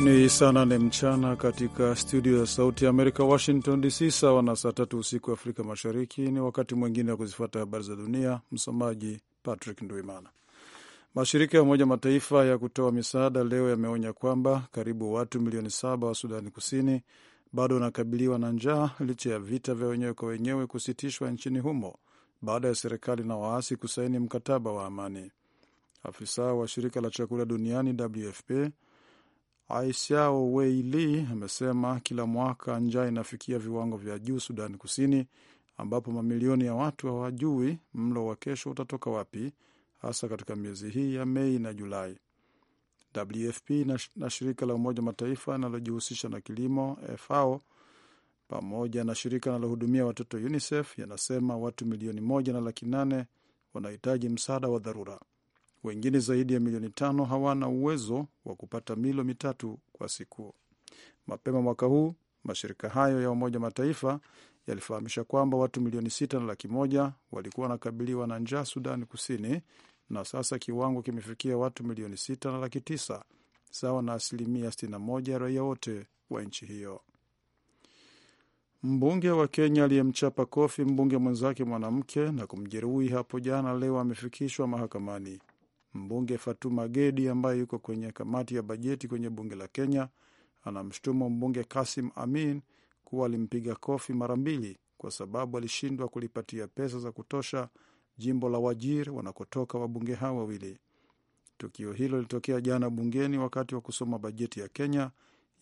Ni saa nane mchana katika studio ya Sauti ya Amerika, Washington DC, sawa na saa tatu usiku Afrika Mashariki. Ni wakati mwingine wa kuzifuata habari za dunia. Msomaji Patrick Nduimana. Mashirika ya Umoja Mataifa ya kutoa misaada leo yameonya kwamba karibu watu milioni saba wa Sudani Kusini bado wanakabiliwa na njaa licha ya vita vya wenyewe kwa wenyewe kusitishwa nchini humo baada ya serikali na waasi kusaini mkataba wa amani. Afisa wa shirika la chakula duniani WFP Aisiao Weili amesema kila mwaka njaa inafikia viwango vya juu Sudani Kusini, ambapo mamilioni ya watu hawajui mlo wa kesho utatoka wapi, hasa katika miezi hii ya Mei na Julai. WFP na, shirika la Umoja Mataifa linalojihusisha na kilimo FAO pamoja na shirika linalohudumia watoto UNICEF yanasema watu milioni moja na laki nane wanahitaji msaada wa dharura. Wengine zaidi ya milioni tano hawana uwezo wa kupata milo mitatu kwa siku. Mapema mwaka huu mashirika hayo ya Umoja Mataifa yalifahamisha kwamba watu milioni sita na laki moja walikuwa wanakabiliwa na njaa Sudani Kusini, na sasa kiwango kimefikia watu milioni sita na laki tisa sawa na asilimia 61 ya raia wote wa nchi hiyo. Mbunge wa Kenya aliyemchapa kofi mbunge mwenzake mwanamke na kumjeruhi hapo jana leo amefikishwa mahakamani. Mbunge Fatuma Gedi ambaye yuko kwenye kamati ya bajeti kwenye bunge la Kenya anamshutumu mbunge Kasim Amin kuwa alimpiga kofi mara mbili kwa sababu alishindwa kulipatia pesa za kutosha jimbo la Wajir wanakotoka wabunge hao wawili. Tukio hilo lilitokea jana bungeni wakati wa kusoma bajeti ya Kenya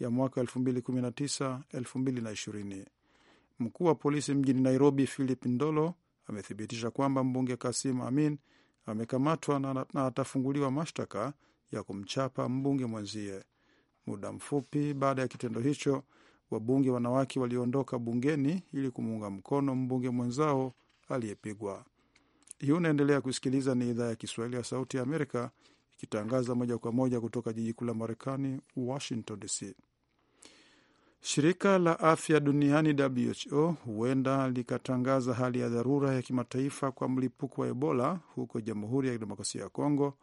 ya mwaka 2019-2020. Mkuu wa polisi mjini Nairobi Philip Ndolo amethibitisha kwamba mbunge Kasim Amin amekamatwa na, na atafunguliwa mashtaka ya kumchapa mbunge mwenzie. Muda mfupi baada ya kitendo hicho, wabunge wanawake waliondoka bungeni ili kumuunga mkono mbunge mwenzao aliyepigwa. Hii unaendelea kusikiliza, ni idhaa ya Kiswahili ya Sauti ya Amerika ikitangaza moja kwa moja kutoka jiji kuu la Marekani, Washington DC. Shirika la afya duniani WHO huenda likatangaza hali ya dharura ya kimataifa kwa mlipuko wa Ebola huko Jamhuri ya Kidemokrasia ya Kongo,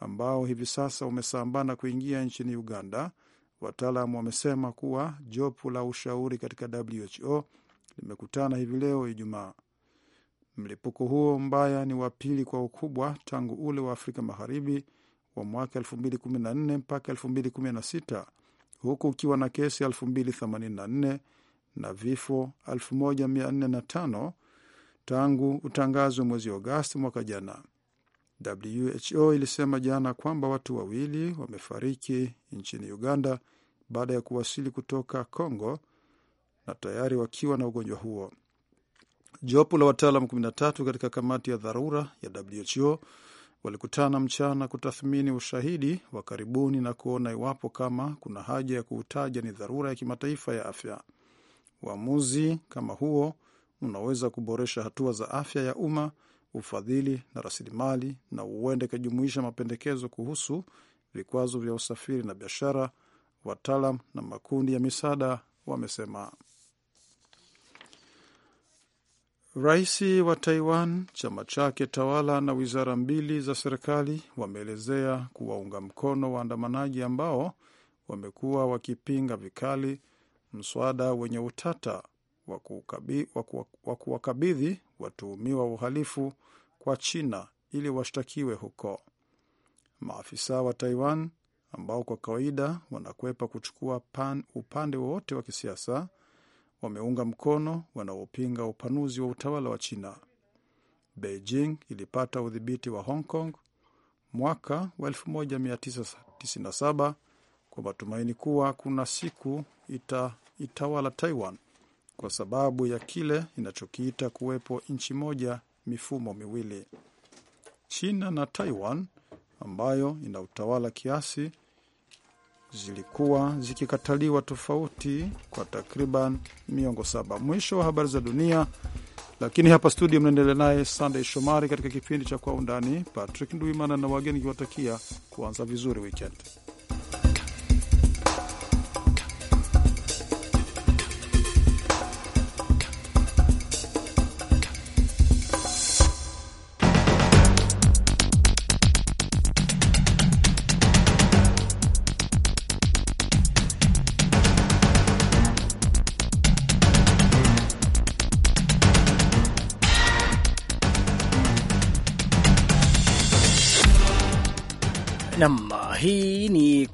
ambao hivi sasa umesambaa na kuingia nchini Uganda. Wataalam wamesema kuwa jopo la ushauri katika WHO limekutana hivi leo Ijumaa. Mlipuko huo mbaya ni wa pili kwa ukubwa tangu ule wa Afrika Magharibi wa mwaka 2014 mpaka 2016 huku ukiwa na kesi 284 na vifo 1405 tangu utangazwe mwezi Agosti mwaka jana. WHO ilisema jana kwamba watu wawili wamefariki nchini Uganda baada ya kuwasili kutoka Congo na tayari wakiwa na ugonjwa huo. Jopo la wataalam 13 katika kamati ya dharura ya WHO walikutana mchana kutathmini ushahidi wa karibuni na kuona iwapo kama kuna haja ya kuutaja ni dharura ya kimataifa ya afya. Uamuzi kama huo unaweza kuboresha hatua za afya ya umma, ufadhili na rasilimali, na huenda ikajumuisha mapendekezo kuhusu vikwazo vya usafiri na biashara. Wataalam na makundi ya misaada wamesema. Rais wa Taiwan, chama chake tawala na wizara mbili za serikali wameelezea kuwaunga mkono waandamanaji ambao wamekuwa wakipinga vikali mswada wenye utata wa kuwakabidhi watuhumiwa wa uhalifu kwa China ili washtakiwe huko. Maafisa wa Taiwan ambao kwa kawaida wanakwepa kuchukua pan upande wowote wa kisiasa wameunga mkono wanaopinga upanuzi wa utawala wa China. Beijing ilipata udhibiti wa Hong Kong mwaka wa 1997 kwa matumaini kuwa kuna siku ita, itawala Taiwan kwa sababu ya kile inachokiita kuwepo nchi moja mifumo miwili. China na Taiwan ambayo ina utawala kiasi zilikuwa zikikataliwa tofauti kwa takriban miongo saba. Mwisho wa habari za dunia, lakini hapa studio mnaendelea naye Sandey Shomari katika kipindi cha Kwa Undani. Patrick Ndwimana na wageni kiwatakia kuanza vizuri wikendi.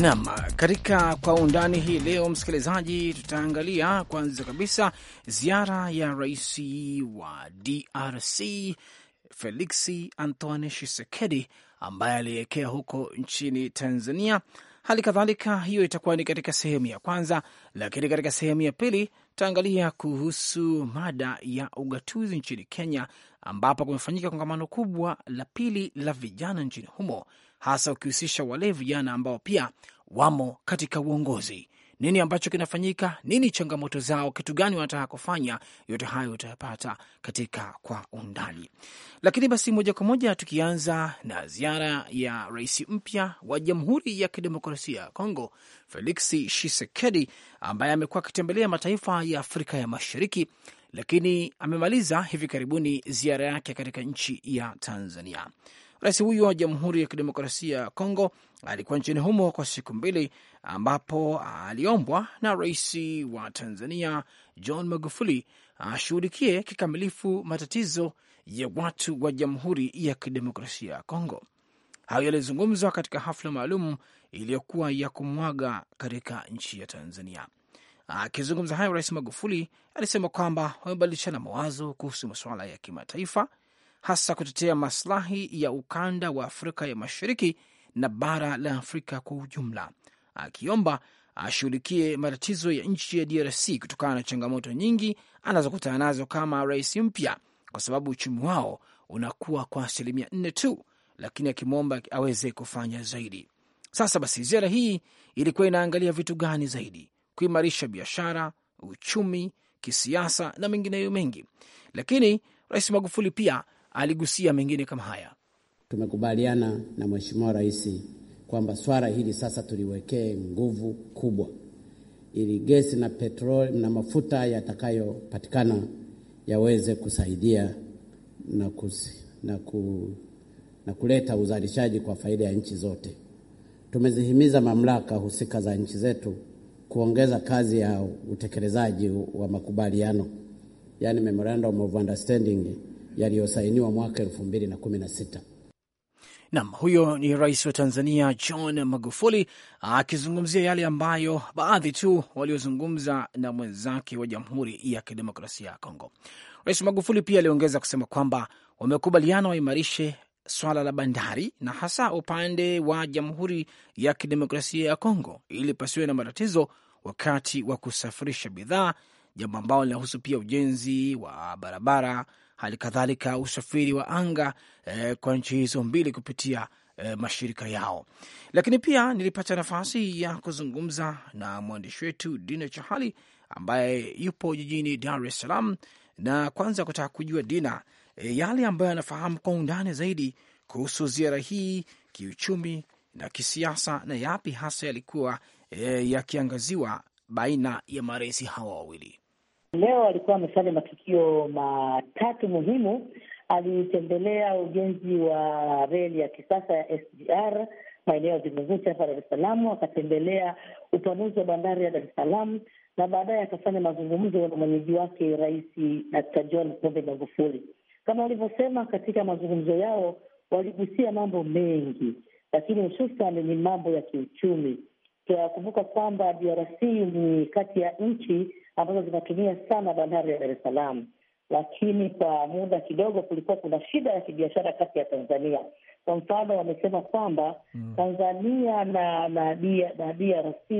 nam katika kwa undani hii leo, msikilizaji, tutaangalia kwanza kabisa ziara ya rais wa DRC Feliksi Antoine Tshisekedi ambaye alielekea huko nchini Tanzania. Hali kadhalika hiyo itakuwa ni katika sehemu ya kwanza, lakini katika sehemu ya pili tutaangalia kuhusu mada ya ugatuzi nchini Kenya, ambapo kumefanyika kongamano kubwa la pili la vijana nchini humo hasa ukihusisha wale vijana ambao pia wamo katika uongozi. Nini ambacho kinafanyika? Nini changamoto zao? Kitu gani wanataka kufanya? Yote hayo utayapata katika Kwa Undani. Lakini basi, moja kwa moja tukianza na ziara ya rais mpya wa Jamhuri ya Kidemokrasia ya Kongo, Felix Tshisekedi, ambaye amekuwa akitembelea mataifa ya Afrika ya Mashariki, lakini amemaliza hivi karibuni ziara yake katika nchi ya Tanzania. Rais huyo wa Jamhuri ya Kidemokrasia ya Kongo alikuwa nchini humo kwa siku mbili, ambapo aliombwa na rais wa Tanzania John Magufuli ashughulikie kikamilifu matatizo ya watu wa Jamhuri ya Kidemokrasia ya Kongo. Hayo yalizungumzwa katika hafla maalum iliyokuwa ya kumwaga katika nchi ya Tanzania. Akizungumza hayo, Rais Magufuli alisema kwamba wamebadilishana mawazo kuhusu masuala ya kimataifa hasa kutetea maslahi ya ukanda wa Afrika ya Mashariki na bara la Afrika kwa ujumla, akiomba ashughulikie matatizo ya nchi ya DRC kutokana na changamoto nyingi anazokutana nazo kama rais mpya, kwa sababu uchumi wao unakuwa kwa asilimia nne tu, lakini akimwomba aweze kufanya zaidi. Sasa basi, ziara hii ilikuwa inaangalia vitu gani zaidi? Kuimarisha biashara, uchumi, kisiasa na mengineyo mengi, lakini Rais Magufuli pia aligusia mengine kama haya. Tumekubaliana na Mheshimiwa Rais kwamba swala hili sasa tuliwekee nguvu kubwa, ili gesi na petroli na mafuta yatakayopatikana yaweze kusaidia na, kusi, na, ku, na kuleta uzalishaji kwa faida ya nchi zote. Tumezihimiza mamlaka husika za nchi zetu kuongeza kazi ya utekelezaji wa makubaliano, yani memorandum of understanding yaliyosainiwa mwaka 2016. Nam, huyo ni rais wa Tanzania John Magufuli akizungumzia yale ambayo baadhi tu waliozungumza na mwenzake wa Jamhuri ya Kidemokrasia ya Kongo. Rais Magufuli pia aliongeza kusema kwamba wamekubaliana waimarishe swala la bandari na hasa upande wa Jamhuri ya Kidemokrasia ya Kongo ili pasiwe na matatizo wakati wa kusafirisha bidhaa, jambo ambalo linahusu pia ujenzi wa barabara hali kadhalika usafiri wa anga e, kwa nchi hizo mbili kupitia e, mashirika yao. Lakini pia nilipata nafasi ya kuzungumza na mwandishi wetu Dina Chahali ambaye yupo jijini Dar es Salaam, na kwanza kutaka kujua Dina e, yale ambayo anafahamu kwa undani zaidi kuhusu ziara hii kiuchumi na kisiasa, na yapi hasa yalikuwa e, yakiangaziwa baina ya marais hawa wawili. Leo alikuwa amefanya matukio matatu muhimu. Alitembelea ujenzi wa reli ya kisasa ya SGR maeneo ya Vingunguti hapa Dar es Salaam, akatembelea upanuzi wa bandari ya Dar es Salaam na baadaye akafanya mazungumzo na mwenyeji wake Rais Dkt John Pombe Magufuli. Kama walivyosema katika mazungumzo yao, waligusia mambo mengi, lakini hususan ni mambo ya kiuchumi. Tunakumbuka kwamba DRC ni kati ya nchi ambazo zinatumia sana bandari ya Dar es Salaam, lakini kwa muda kidogo kulikuwa kuna shida ya kibiashara kati ya Tanzania. Kwa mfano, wamesema kwamba mm, Tanzania na na DRC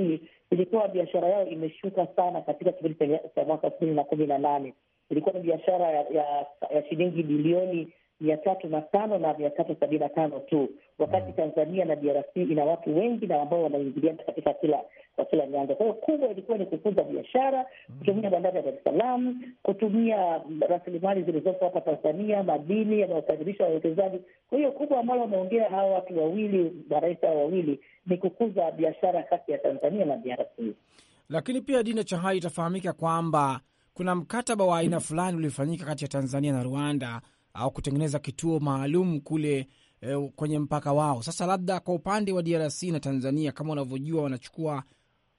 ilikuwa biashara yao imeshuka sana katika kipindi cha mwaka elfu mbili na kumi na nane ilikuwa ni biashara ya, ya, ya shilingi bilioni mia tatu na tano na mia tatu sabini na tano tu wakati mm. Tanzania na DRC ina watu wengi na ambao wanaingiliana katika kila kwa kila nyanja. Kwa hiyo kubwa ilikuwa ni kukuza biashara, mm. kutumia bandari ya Dar es Salaam, kutumia rasilimali zilizopo hapa Tanzania, madini yanayosafirisha wawekezaji. Kwa hiyo kubwa ambalo wameongea hawa watu wawili, marais hawa wawili, ni kukuza biashara kati ya Tanzania na DRC. Lakini pia Dina Chahai, itafahamika kwamba kuna mkataba wa aina fulani uliofanyika kati ya Tanzania na Rwanda au kutengeneza kituo maalum kule eh, kwenye mpaka wao. Sasa labda kwa upande wa DRC na Tanzania, kama unavyojua, wanachukua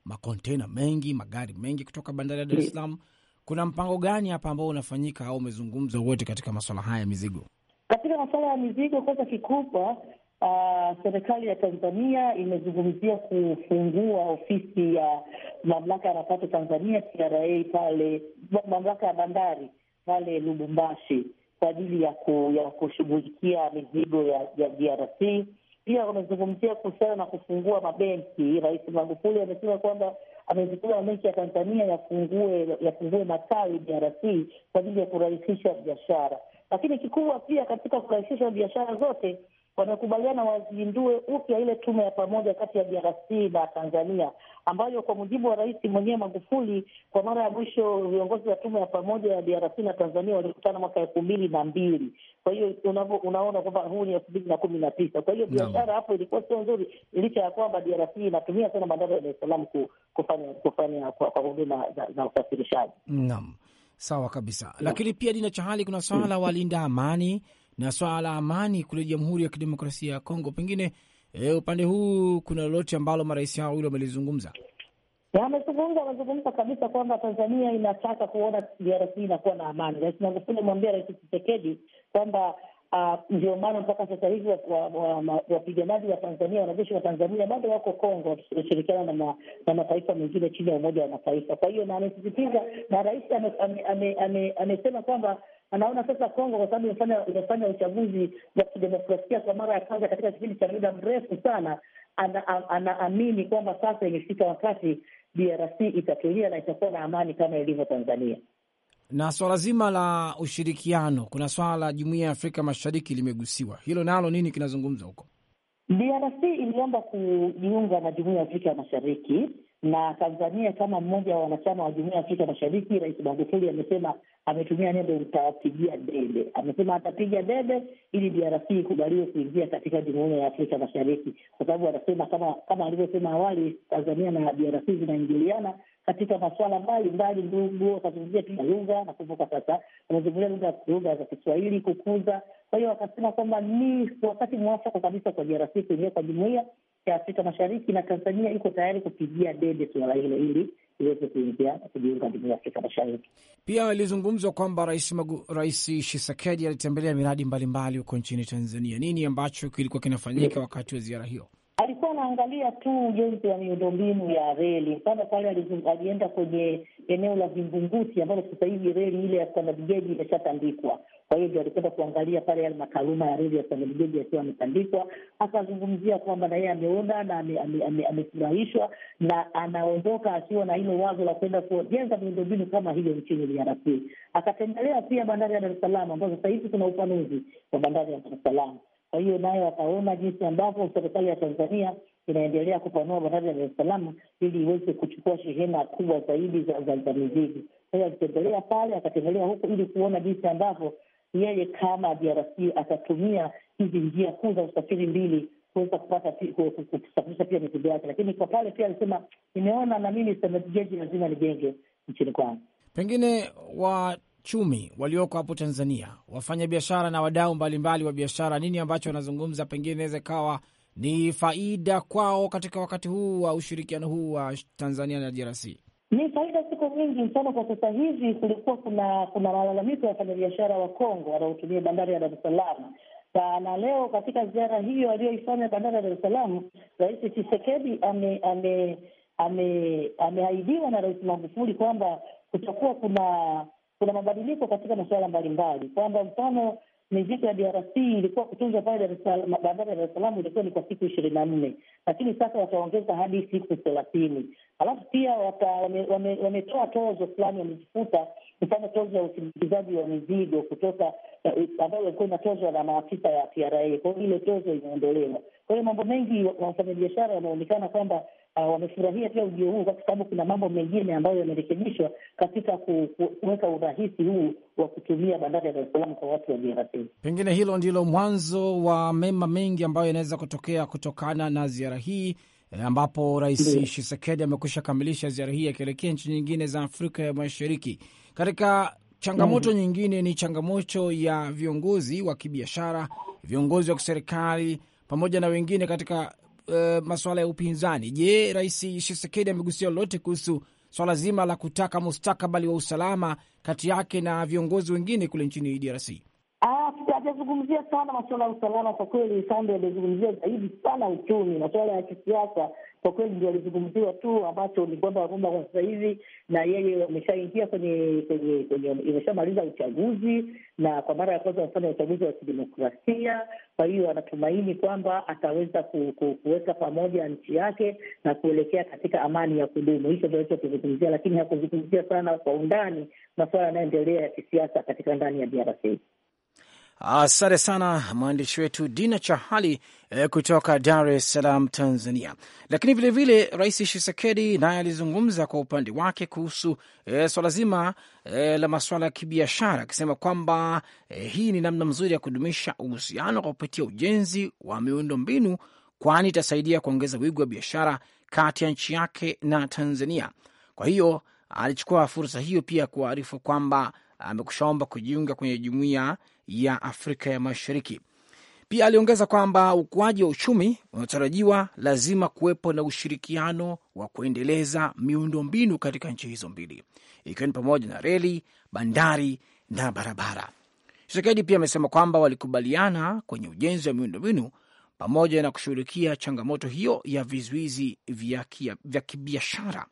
makontena mengi, magari mengi kutoka bandari ya Dar es Salaam. Kuna mpango gani hapa ambao unafanyika au umezungumza wote katika maswala haya ya mizigo? Katika masuala ya mizigo, kwanza kikubwa Uh, serikali ya Tanzania imezungumzia kufungua ofisi ya mamlaka ya mapato Tanzania TRA pale mamlaka ya bandari pale Lubumbashi, kwa ajili ya ku, ya kushughulikia mizigo ya, ya DRC. Pia wamezungumzia kuhusiana na kufungua mabenki. Rais Magufuli amesema kwamba amezikula benki ya Tanzania yafungue yafungue matawi DRC kwa ajili ya kurahisisha biashara, lakini kikubwa pia katika kurahisisha biashara zote wamekubaliana wazindue upya ile tume ya pamoja kati ya DRC na Tanzania ambayo kwa mujibu wa Rais mwenyewe Magufuli, kwa mara ya mwisho viongozi wa tume ya pamoja ya DRC na Tanzania walikutana mwaka elfu mbili na mbili. Kwa hiyo unaona kwamba huu ni elfu mbili na kumi na tisa. Kwa hiyo biashara hapo ilikuwa sio nzuri, licha ya kwamba DRC inatumia sana bandari ya Dar es Salaam kufanya kufanya kwa huduma za usafirishaji. Naam, sawa kabisa, lakini pia Dina Chahali, kuna swala la mm. walinda amani na swala la amani kule Jamhuri ya Kidemokrasia ya Kongo, pengine e, upande huu kuna lolote ambalo marais hao wawili wamelizungumza? Wamezungumza, wamezungumza kabisa kwamba Tanzania inataka kuona DRC inakuwa na amani. na Magufuli mwambia Rais Tshisekedi kwamba ah, ndio maana mpaka sasa hivi wapiganaji wa Tanzania, wanajeshi wa Tanzania bado wako Kongo wakishirikiana na mataifa mengine chini ya Umoja wa Mataifa. Kwa hiyo na amesisitiza na rais amesema kwamba anaona sasa Kongo kwa sababu imefanya uchaguzi wa kidemokrasia kwa mara ya kwanza katika kipindi cha muda mrefu sana, anaamini ana, kwamba sasa imefika wakati DRC itatulia na itakuwa na amani kama ilivyo Tanzania. Na swala zima la ushirikiano, kuna swala la jumuiya ya Afrika Mashariki limegusiwa hilo nalo, nini kinazungumza huko? DRC iliomba kujiunga na jumuiya ya Afrika Mashariki na Tanzania kama mmoja wa wanachama wa jumuiya ya Afrika Mashariki, Rais Magufuli amesema, ametumia neno utawapigia debe. Amesema atapiga debe ili DRC ikubaliwe kuingia katika jumuiya ya Afrika Mashariki, kwa sababu anasema kama kama alivyosema awali, Tanzania na DRC zinaingiliana katika masuala mbalimbali, ndugu, wakazungumzia pia lugha. Nakumbuka sasa wamezungumzia lugha za Kiswahili kukuza. Kwa hiyo wakasema kwamba ni wakati mwafaka kabisa kwa DRC kuingia kwa jumuiya ya Afrika Mashariki na Tanzania iko tayari kupigia debe suala hilo ili iweze kuingia kujiunga jumuiya ya Afrika Mashariki. Pia ilizungumzwa kwamba rais Magu, Rais Tshisekedi alitembelea miradi mbalimbali huko nchini Tanzania. Nini ambacho kilikuwa kinafanyika yeah, wakati wa ziara hiyo? Alikuwa anaangalia tu ujenzi wa miundombinu ya reli. Mfano pale alienda kwenye eneo la Vingunguti ambalo sasa hivi reli ile ya standard gauge imeshatandikwa kwa hiyo ndio alikwenda kuangalia pale yale makaluma ya reli ya Sangomijiji akiwa ametandikwa, akazungumzia kwamba na yeye ameona na amefurahishwa na anaondoka akiwa na hilo wazo la kwenda kujenga miundombinu kama hiyo nchini DRC. Akatembelea pia bandari ya Dar es Salaam ambayo sasa hivi kuna upanuzi wa bandari ya Dar es Salaam. Kwa hiyo naye akaona jinsi ambavyo serikali ya Tanzania inaendelea kupanua bandari ya Dar es Salaam ili iweze kuchukua shehena kubwa zaidi za mizigo. Kwa hiyo alitembelea pale, akatembelea huku ili kuona jinsi ambavyo yeye kama DRC atatumia hizi njia kuu za usafiri mbili kuweza kupata kusafirisha pia mizigo yake. Lakini kwa pale pia alisema, nimeona na mimi geji lazima nijenge nchini kwangu. Pengine wachumi walioko hapo Tanzania, wafanya biashara na wadau mbalimbali wa biashara, nini ambacho wanazungumza, pengine inaweza ikawa ni faida kwao katika wakati huu wa ushirikiano huu wa Tanzania na DRC? Ni faida siku nyingi. Mfano, kwa sasa hivi kulikuwa kuna kuna malalamiko ya wafanyabiashara wa Kongo wanaotumia bandari ya Dar es Salaam, na leo katika ziara hiyo aliyoifanya bandari ya Dar es Salaam, Rais Chisekedi ameahidiwa na Rais Magufuli kwamba kutakuwa kuna kuna mabadiliko katika masuala mbalimbali, kwamba mfano mizigo ya DRC ilikuwa kutunzwa pale bandari ya Dar es Salaam ilikuwa ni kwa siku ishirini na nne, lakini sasa wataongeza hadi siku thelathini. Alafu pia wametoa tozo fulani, wamejifuta mfano tozo ya usindikizaji wa mizigo kutoka eh, ambayo ilikuwa inatozwa na maafisa ya TRA. Kwa hiyo ile tozo imeondolewa. Kwa hiyo mambo mengi wafanyabiashara wameonekana kwamba uh, wamefurahia pia ujio huu, kwa sababu kuna mambo mengine ambayo yamerekebishwa katika kuweka urahisi huu wa kutumia bandari ya Dar es Salaam kwa watu wa DRC. Pengine hilo ndilo mwanzo wa mema mengi ambayo yanaweza kutokea kutokana na ziara hii eh, ambapo Rais Tshisekedi amekwisha kamilisha ziara hii akielekea nchi nyingine za Afrika ya Mashariki. Katika changamoto mm, nyingine ni changamoto ya viongozi wa kibiashara, viongozi wa kiserikali pamoja na wengine katika uh, eh, masuala ya upinzani. Je, Rais Tshisekedi amegusia lolote kuhusu swala so zima la kutaka mustakabali wa usalama kati yake na viongozi wengine kule nchini DRC? hajazungumzia sana masuala ya usalama kwa kweli. Sande alizungumzia zaidi sana uchumi, masuala ya kisiasa kwa kweli ndio alizungumziwa tu, ambacho ni kwamba Rwanda kwa sasa hivi na yeye wameshaingia kwenye kwenye kwenye, imeshamaliza uchaguzi na kwa mara ya kwanza amefanya uchaguzi wa kidemokrasia. Kwa hiyo anatumaini kwamba ataweza ku, ku, kuweka pamoja nchi yake na kuelekea katika amani ya kudumu. Hicho ndio alichokizungumzia, lakini hakuzungumzia sana kwa undani masuala yanayoendelea ya kisiasa katika ndani ya DRC. Asante sana mwandishi wetu Dina Chahali eh, kutoka Dar es Salaam, Tanzania. Lakini vilevile Rais Shisekedi naye alizungumza kwa upande wake kuhusu eh, swala zima eh, la masuala ya kibiashara, akisema kwamba eh, hii ni namna mzuri ya kudumisha uhusiano kwa kupitia ujenzi wa miundo mbinu, kwani itasaidia kuongeza wigo wa biashara kati ya nchi yake na Tanzania. Kwa hiyo alichukua fursa hiyo pia kuarifu kwamba amekushaomba kujiunga kwenye jumuiya ya Afrika ya Mashariki. Pia aliongeza kwamba ukuaji wa uchumi unaotarajiwa lazima kuwepo na ushirikiano wa kuendeleza miundombinu katika nchi hizo mbili, ikiwa ni pamoja na reli, bandari na barabara. Shisekedi pia amesema kwamba walikubaliana kwenye ujenzi wa miundombinu pamoja na kushughulikia changamoto hiyo ya vizuizi vya kibiashara.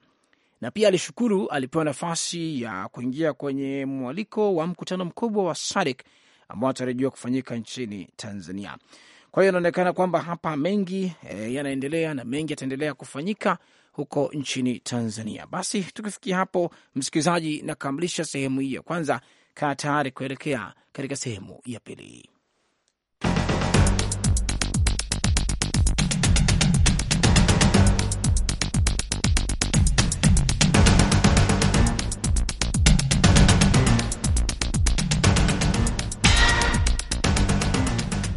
Na pia alishukuru alipewa nafasi ya kuingia kwenye mwaliko wa mkutano mkubwa wa SADC ambao anatarajiwa kufanyika nchini Tanzania. Kwa hiyo inaonekana kwamba hapa mengi e, yanaendelea na mengi yataendelea kufanyika huko nchini Tanzania. Basi tukifikia hapo, msikilizaji, nakamilisha sehemu hii ya kwanza. Kaa tayari kuelekea katika sehemu ya pili.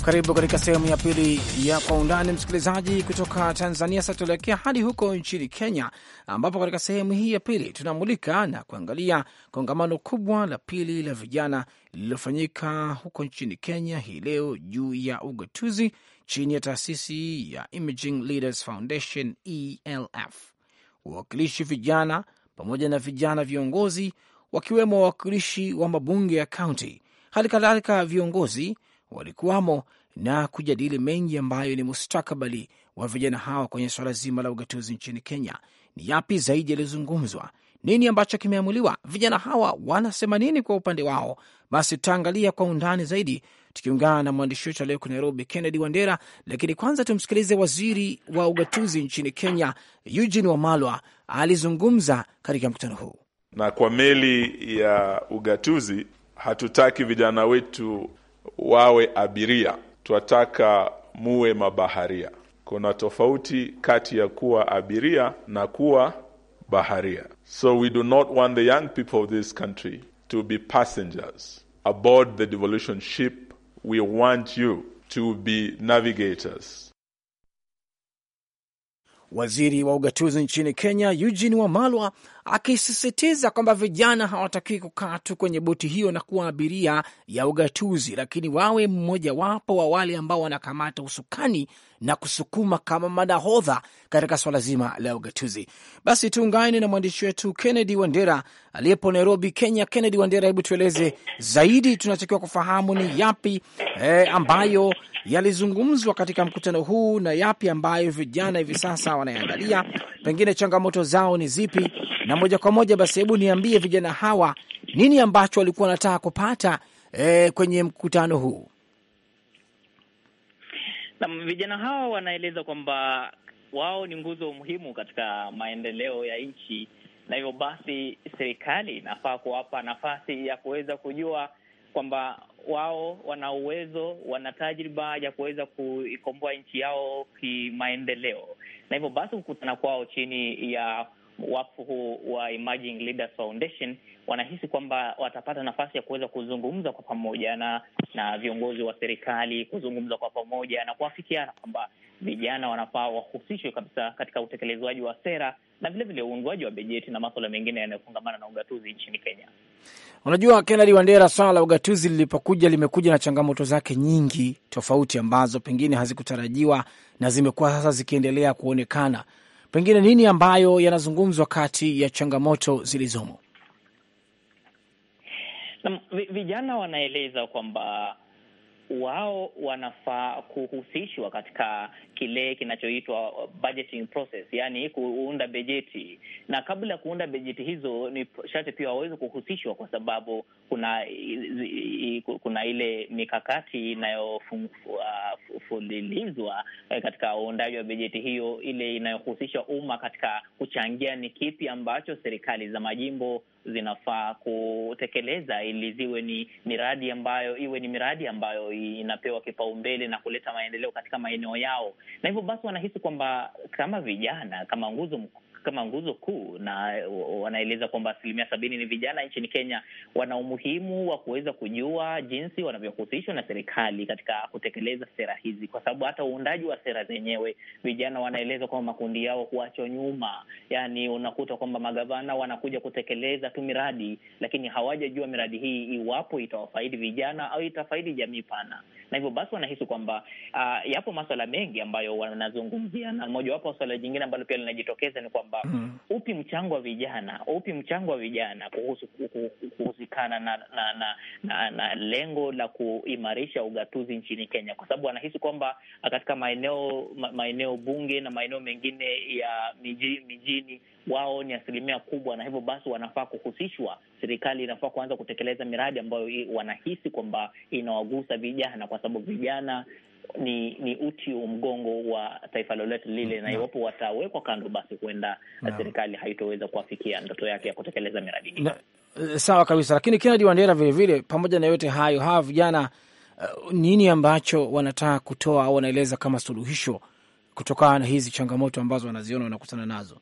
Karibu katika sehemu ya pili ya kwa undani, msikilizaji. Kutoka Tanzania sasa tuelekea hadi huko nchini Kenya, ambapo katika sehemu hii ya pili tunamulika na kuangalia kongamano kubwa la pili la vijana lililofanyika huko nchini Kenya hii leo juu ya ugatuzi chini ya taasisi ya Imaging Leaders Foundation ELF. Wawakilishi vijana pamoja na vijana viongozi, wakiwemo wawakilishi wa mabunge ya kaunti, hali kadhalika viongozi walikuwamo na kujadili mengi ambayo ni mustakabali wa vijana hawa kwenye suala zima la ugatuzi nchini Kenya. Ni yapi zaidi yaliyozungumzwa? Nini ambacho kimeamuliwa? Vijana hawa wanasema nini kwa upande wao? Basi tutaangalia kwa undani zaidi tukiungana na mwandishi wetu aliyeko Nairobi, Kennedy Wandera. Lakini kwanza tumsikilize waziri wa ugatuzi nchini Kenya, Eugene Wamalwa, alizungumza katika mkutano huu. Na kwa meli ya ugatuzi hatutaki vijana wetu wawe abiria twataka muwe mabaharia. Kuna tofauti kati ya kuwa abiria na kuwa baharia. So we do not want the young people of this country to be passengers aboard the devolution ship. We want you to be navigators. Waziri wa ugatuzi nchini Kenya Eugene Wamalwa akisisitiza kwamba vijana hawatakiwi kukaa tu kwenye boti hiyo na kuwa abiria ya ugatuzi, lakini wawe mmojawapo wa wale ambao wanakamata usukani na kusukuma kama manahodha katika swala zima la ugatuzi. Basi tuungane na mwandishi wetu Kennedy Wandera aliyepo Nairobi, Kenya. Kennedy Wandera, hebu tueleze zaidi, tunatakiwa kufahamu ni yapi eh, ambayo yalizungumzwa katika mkutano huu na yapi ambayo vijana hivi sasa wanayaangalia, pengine changamoto zao ni zipi na moja kwa moja basi, hebu niambie vijana hawa nini ambacho walikuwa wanataka kupata e, kwenye mkutano huu? Na vijana hawa wanaeleza kwamba wao ni nguzo muhimu katika maendeleo ya nchi, na hivyo basi serikali inafaa kuwapa nafasi ya kuweza kujua kwamba wao wana uwezo, wana tajriba ya kuweza kuikomboa nchi yao kimaendeleo, na hivyo basi kukutana kwao chini ya wakfu huu wa Emerging Leaders Foundation wanahisi kwamba watapata nafasi ya kuweza kuzungumza kwa pamoja na na viongozi wa serikali, kuzungumza kwa pamoja na kuafikiana kwamba vijana wanafaa wahusishwe kabisa katika utekelezwaji wa sera na vilevile uundwaji wa bajeti na maswala mengine yanayofungamana na ugatuzi nchini Kenya. Unajua Kennedy Wandera, swala la ugatuzi lilipokuja limekuja na changamoto zake nyingi tofauti ambazo pengine hazikutarajiwa na zimekuwa sasa zikiendelea kuonekana pengine nini ambayo yanazungumzwa kati ya changamoto zilizomo? Vijana wanaeleza kwamba wao wanafaa kuhusishwa katika kile kinachoitwa budgeting process, yani kuunda bajeti, na kabla ya kuunda bajeti hizo ni sharti pia waweze kuhusishwa, kwa sababu kuna kuna ile mikakati inayofulilizwa uh, katika uundaji wa bajeti hiyo, ile inayohusisha umma katika kuchangia ni kipi ambacho serikali za majimbo zinafaa kutekeleza ili ziwe ni miradi ambayo iwe ni miradi ambayo inapewa kipaumbele na kuleta maendeleo katika maeneo yao, na hivyo basi wanahisi kwamba kama vijana, kama nguzo kama nguzo kuu, na wanaeleza kwamba asilimia sabini ni vijana nchini Kenya wana umuhimu wa kuweza kujua jinsi wanavyohusishwa na serikali katika kutekeleza sera hizi, kwa sababu hata uundaji wa sera zenyewe vijana wanaeleza kwamba makundi yao huachwa nyuma. Yani unakuta kwamba magavana wanakuja kutekeleza tu miradi, lakini hawajajua miradi hii iwapo itawafaidi vijana au itafaidi jamii pana na hivyo basi wanahisi kwamba uh, yapo maswala mengi ambayo wanazungumzia, na mojawapo swala jingine ambalo pia linajitokeza ni kwamba mm. upi mchango wa vijana, upi mchango wa vijana kuhusu kuhusikana na na, na na na lengo la kuimarisha ugatuzi nchini Kenya, kwa sababu wanahisi kwamba katika maeneo maeneo bunge na maeneo mengine ya mijini, mijini wao ni asilimia kubwa, na hivyo basi wanafaa kuhusishwa. Serikali inafaa kuanza kutekeleza miradi ambayo wanahisi kwamba inawagusa vijana, kwa sababu vijana ni ni uti wa mgongo wa taifa lolote lile, na mm-hmm. iwapo watawekwa kando, basi huenda serikali haitoweza kuwafikia ndoto yake ya kutekeleza miradi hiyo. Eh, sawa kabisa, lakini Kennedy Wandera, vilevile, pamoja na yote hayo, hawa vijana uh, nini ambacho wanataka kutoa au wanaeleza kama suluhisho kutokana na hizi changamoto ambazo wanaziona wanakutana nazo?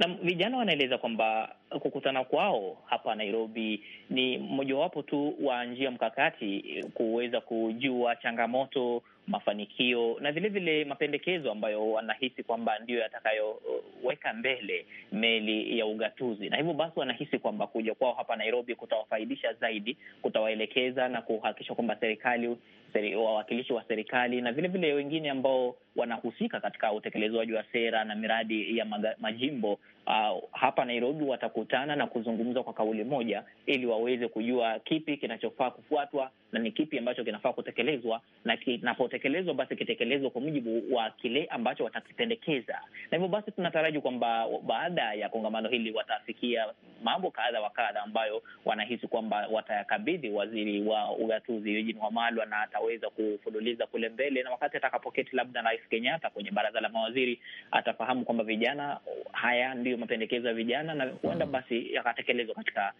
Na vijana wanaeleza kwamba kukutana kwao hapa Nairobi ni mojawapo tu wa njia mkakati kuweza kujua changamoto, mafanikio na vilevile vile mapendekezo ambayo wanahisi kwamba ndiyo yatakayoweka mbele meli ya ugatuzi, na hivyo basi wanahisi kwamba kuja kwao hapa Nairobi kutawafaidisha zaidi, kutawaelekeza na kuhakikisha kwamba serikali seri, wawakilishi wa serikali na vilevile vile wengine ambao wanahusika katika utekelezaji wa sera na miradi ya maga, majimbo uh, hapa Nairobi watakutana na kuzungumza kwa kauli moja, ili waweze kujua kipi kinachofaa kufuatwa na ni kipi ambacho kinafaa kutekelezwa, na kinapotekelezwa basi kitekelezwe kwa mujibu wa kile ambacho watakipendekeza. Na hivyo basi tunataraji kwamba baada ya kongamano hili watafikia mambo kadha wa kadha ambayo wanahisi kwamba watayakabidhi waziri wa ugatuzi Eugene Wamalwa na ataweza kufululiza kule mbele, na wakati atakapoketi labda Rais Kenyatta kwenye baraza la mawaziri atafahamu kwamba vijana, haya ndiyo mapendekezo ya vijana na huenda mm. basi yakatekelezwa katika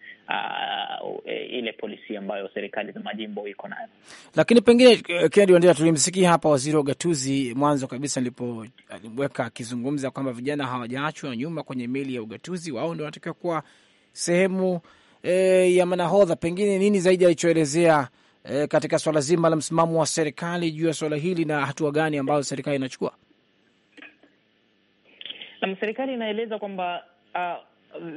uh, ile polisi ambayo serikali za majimbo iko nayo. Lakini pengine eh, Kennedy Wandera, tulimsikia hapa Waziri wa Ugatuzi mwanzo kabisa alipoweka akizungumza kwamba vijana hawajaachwa nyuma kwenye meli ya ugatuzi, wao ndio wanatakiwa kuwa sehemu e, ya manahodha. Pengine nini zaidi alichoelezea e, katika swala zima la msimamo wa serikali juu ya swala hili na hatua gani ambayo serikali inachukua? Na serikali inaeleza kwamba uh,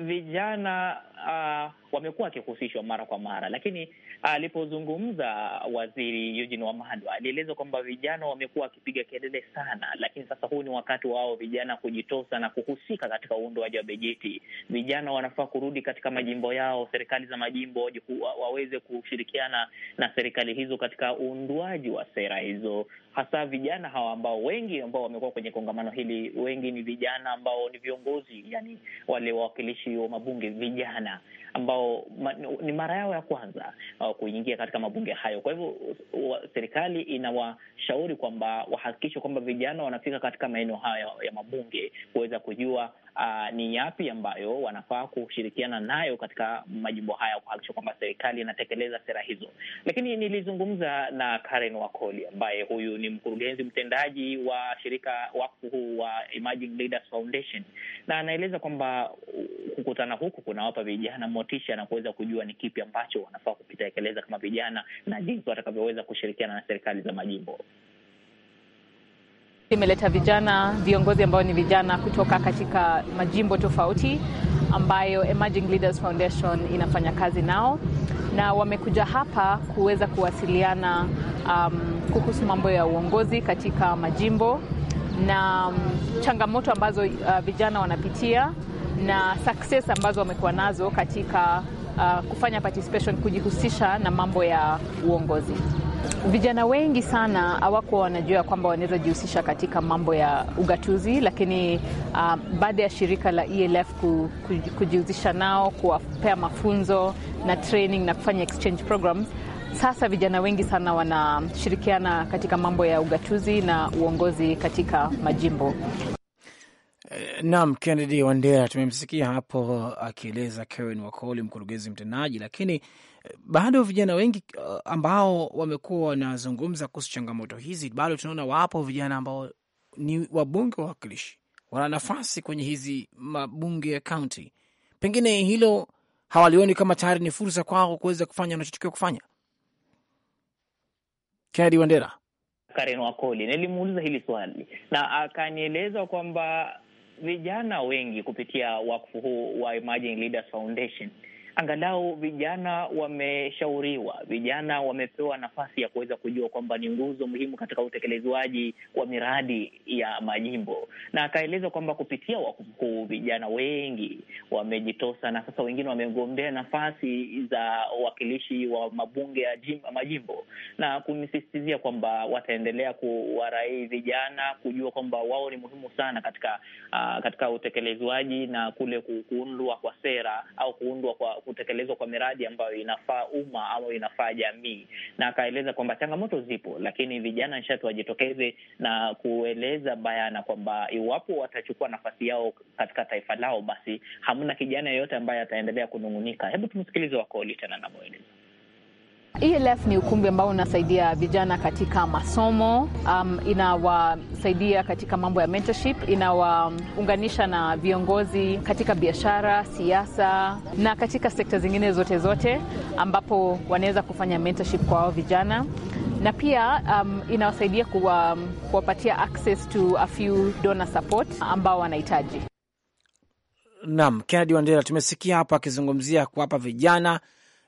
vijana uh, wamekuwa wakihusishwa mara kwa mara, lakini ah, alipozungumza uh, waziri Eugene Wamalwa alieleza kwamba vijana wamekuwa wakipiga kelele sana, lakini sasa huu ni wakati wao vijana kujitosa na kuhusika katika uundoaji wa bajeti. Vijana wanafaa kurudi katika majimbo yao, serikali za majimbo waweze kushirikiana na serikali hizo katika uundwaji wa sera hizo hasa vijana hawa ambao wengi ambao wamekuwa kwenye kongamano hili, wengi ni vijana ambao ni viongozi, yani wale wawakilishi wa mabunge vijana ambao ma, ni mara yao ya kwanza uh, kuingia katika mabunge hayo. Kwa hivyo uh, serikali inawashauri kwamba wahakikishe kwamba vijana wanafika katika maeneo hayo ya mabunge kuweza kujua uh, ni yapi ambayo wanafaa kushirikiana nayo katika majimbo haya kuhakikisha kwamba serikali inatekeleza sera hizo. Lakini nilizungumza na Karen Wakoli ambaye huyu ni mkurugenzi mtendaji wa shirika wakfu huu wa Emerging Leaders Foundation, na anaeleza kwamba kukutana huku kunawapa vijana motisha na kuweza kujua ni kipi ambacho wanafaa kukitekeleza kama vijana na jinsi watakavyoweza kushirikiana na serikali za majimbo. Imeleta vijana viongozi ambao ni vijana kutoka katika majimbo tofauti ambayo Emerging Leaders Foundation inafanya kazi nao, na wamekuja hapa kuweza kuwasiliana um, kuhusu mambo ya uongozi katika majimbo na um, changamoto ambazo uh, vijana wanapitia na success ambazo wamekuwa nazo katika uh, kufanya participation, kujihusisha na mambo ya uongozi vijana wengi sana hawako wanajua kwamba wanaweza jihusisha katika mambo ya ugatuzi, lakini uh, baada ya shirika la ELF ku, ku, kujihusisha nao, kuwapea mafunzo na training na kufanya exchange programs, sasa vijana wengi sana wanashirikiana katika mambo ya ugatuzi na uongozi katika majimbo. Eh, naam, Kennedy Wandera tumemsikia hapo akieleza Karen Wakoli, mkurugenzi mtendaji, lakini bado vijana wengi uh, ambao wamekuwa wanazungumza kuhusu changamoto hizi, bado tunaona wapo vijana ambao ni wabunge wa wakilishi, wana nafasi kwenye hizi mabunge ya kaunti. Pengine hilo hawalioni kama tayari ni fursa kwao kuweza kufanya wanachotakiwa kufanya. Kennedy Wandera Karen Wakoli, nilimuuliza hili swali na akanieleza kwamba vijana wengi kupitia wakfu huu wa Emerging Leaders Foundation angalau vijana wameshauriwa, vijana wamepewa nafasi ya kuweza kujua kwamba ni nguzo muhimu katika utekelezwaji wa miradi ya majimbo, na akaeleza kwamba kupitia wakuu vijana wengi wamejitosa, na sasa wengine wamegombea nafasi za uwakilishi wa mabunge ya majimbo, na kumsisitizia kwamba wataendelea kuwarai vijana kujua kwamba wao ni muhimu sana katika uh, katika utekelezwaji na kule kuundwa kwa sera au kuundwa kwa kutekelezwa kwa miradi ambayo inafaa umma au inafaa jamii, na akaeleza kwamba changamoto zipo, lakini vijana nshatu wajitokeze na kueleza bayana kwamba iwapo watachukua nafasi yao katika taifa lao, basi hamna kijana yeyote ambaye ataendelea kunung'unika. Hebu tumsikilize Wakoli tena anavyoeleza. ELF ni ukumbi ambao unasaidia vijana katika masomo um, inawasaidia katika mambo ya mentorship, inawaunganisha na viongozi katika biashara, siasa na katika sekta zingine zote zote, ambapo wanaweza kufanya mentorship kwa wao vijana na pia um, inawasaidia kuwa, kuwapatia access to a few donor support ambao wanahitaji. Naam, Kennedy Wandera tumesikia hapa akizungumzia kuwapa vijana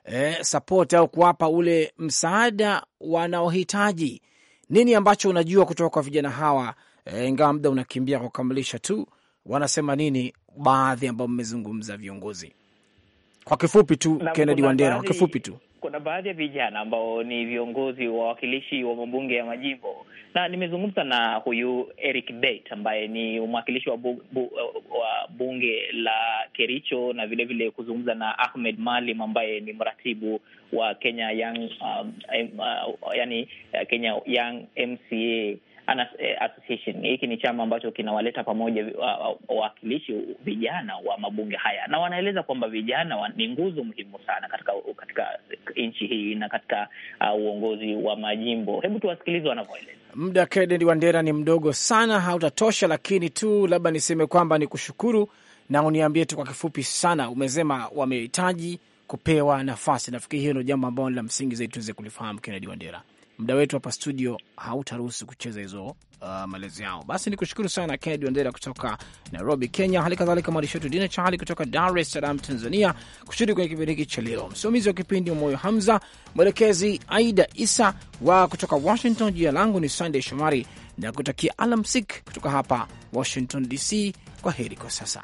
eh, support au kuwapa ule msaada wanaohitaji. Nini ambacho unajua kutoka kwa vijana hawa eh, ingawa muda unakimbia kukamilisha tu, wanasema nini baadhi ambao mmezungumza viongozi? Kwa kifupi tu, Kennedy Wandera, kwa kifupi tu kuna baadhi ya vijana ambao ni viongozi wa wawakilishi wa mabunge ya majimbo, na nimezungumza na huyu Eric Bett ambaye ni mwakilishi wa, bu, bu, wa bunge la Kericho na vilevile vile kuzungumza na Ahmed Malim ambaye ni mratibu wa Kenya Young, um, um, uh, yani uh, Kenya Young MCA Eh, association. Hiki ni chama ambacho kinawaleta pamoja wawakilishi wa, wa vijana wa mabunge haya, na wanaeleza kwamba vijana wa, ni nguzo muhimu sana katika katika nchi hii na katika uh, uongozi wa majimbo. Hebu tuwasikilize wanavyoeleza. Muda Kennedy Wandera ni mdogo sana, hautatosha, lakini tu labda niseme kwamba ni kushukuru na uniambie tu kwa kifupi sana, umesema wamehitaji kupewa nafasi. Nafikiri hiyo ndio jambo ambalo la msingi zaidi tuweze kulifahamu, Kennedy Wandera muda wetu hapa studio hautaruhusu kucheza hizo uh, malezi yao. Basi ni kushukuru sana Kennedy Wandera kutoka Nairobi, Kenya, hali kadhalika mwandishi wetu Dina Chahali kutoka Dar es Salaam, Tanzania, kushiriki kwenye kipindi hiki cha leo. Msimamizi wa kipindi Moyo Hamza, mwelekezi Aida Isa wa kutoka Washington. Jina langu ni sandey Shomari na kutakia alamsik kutoka hapa Washington DC. Kwa heri kwa sasa.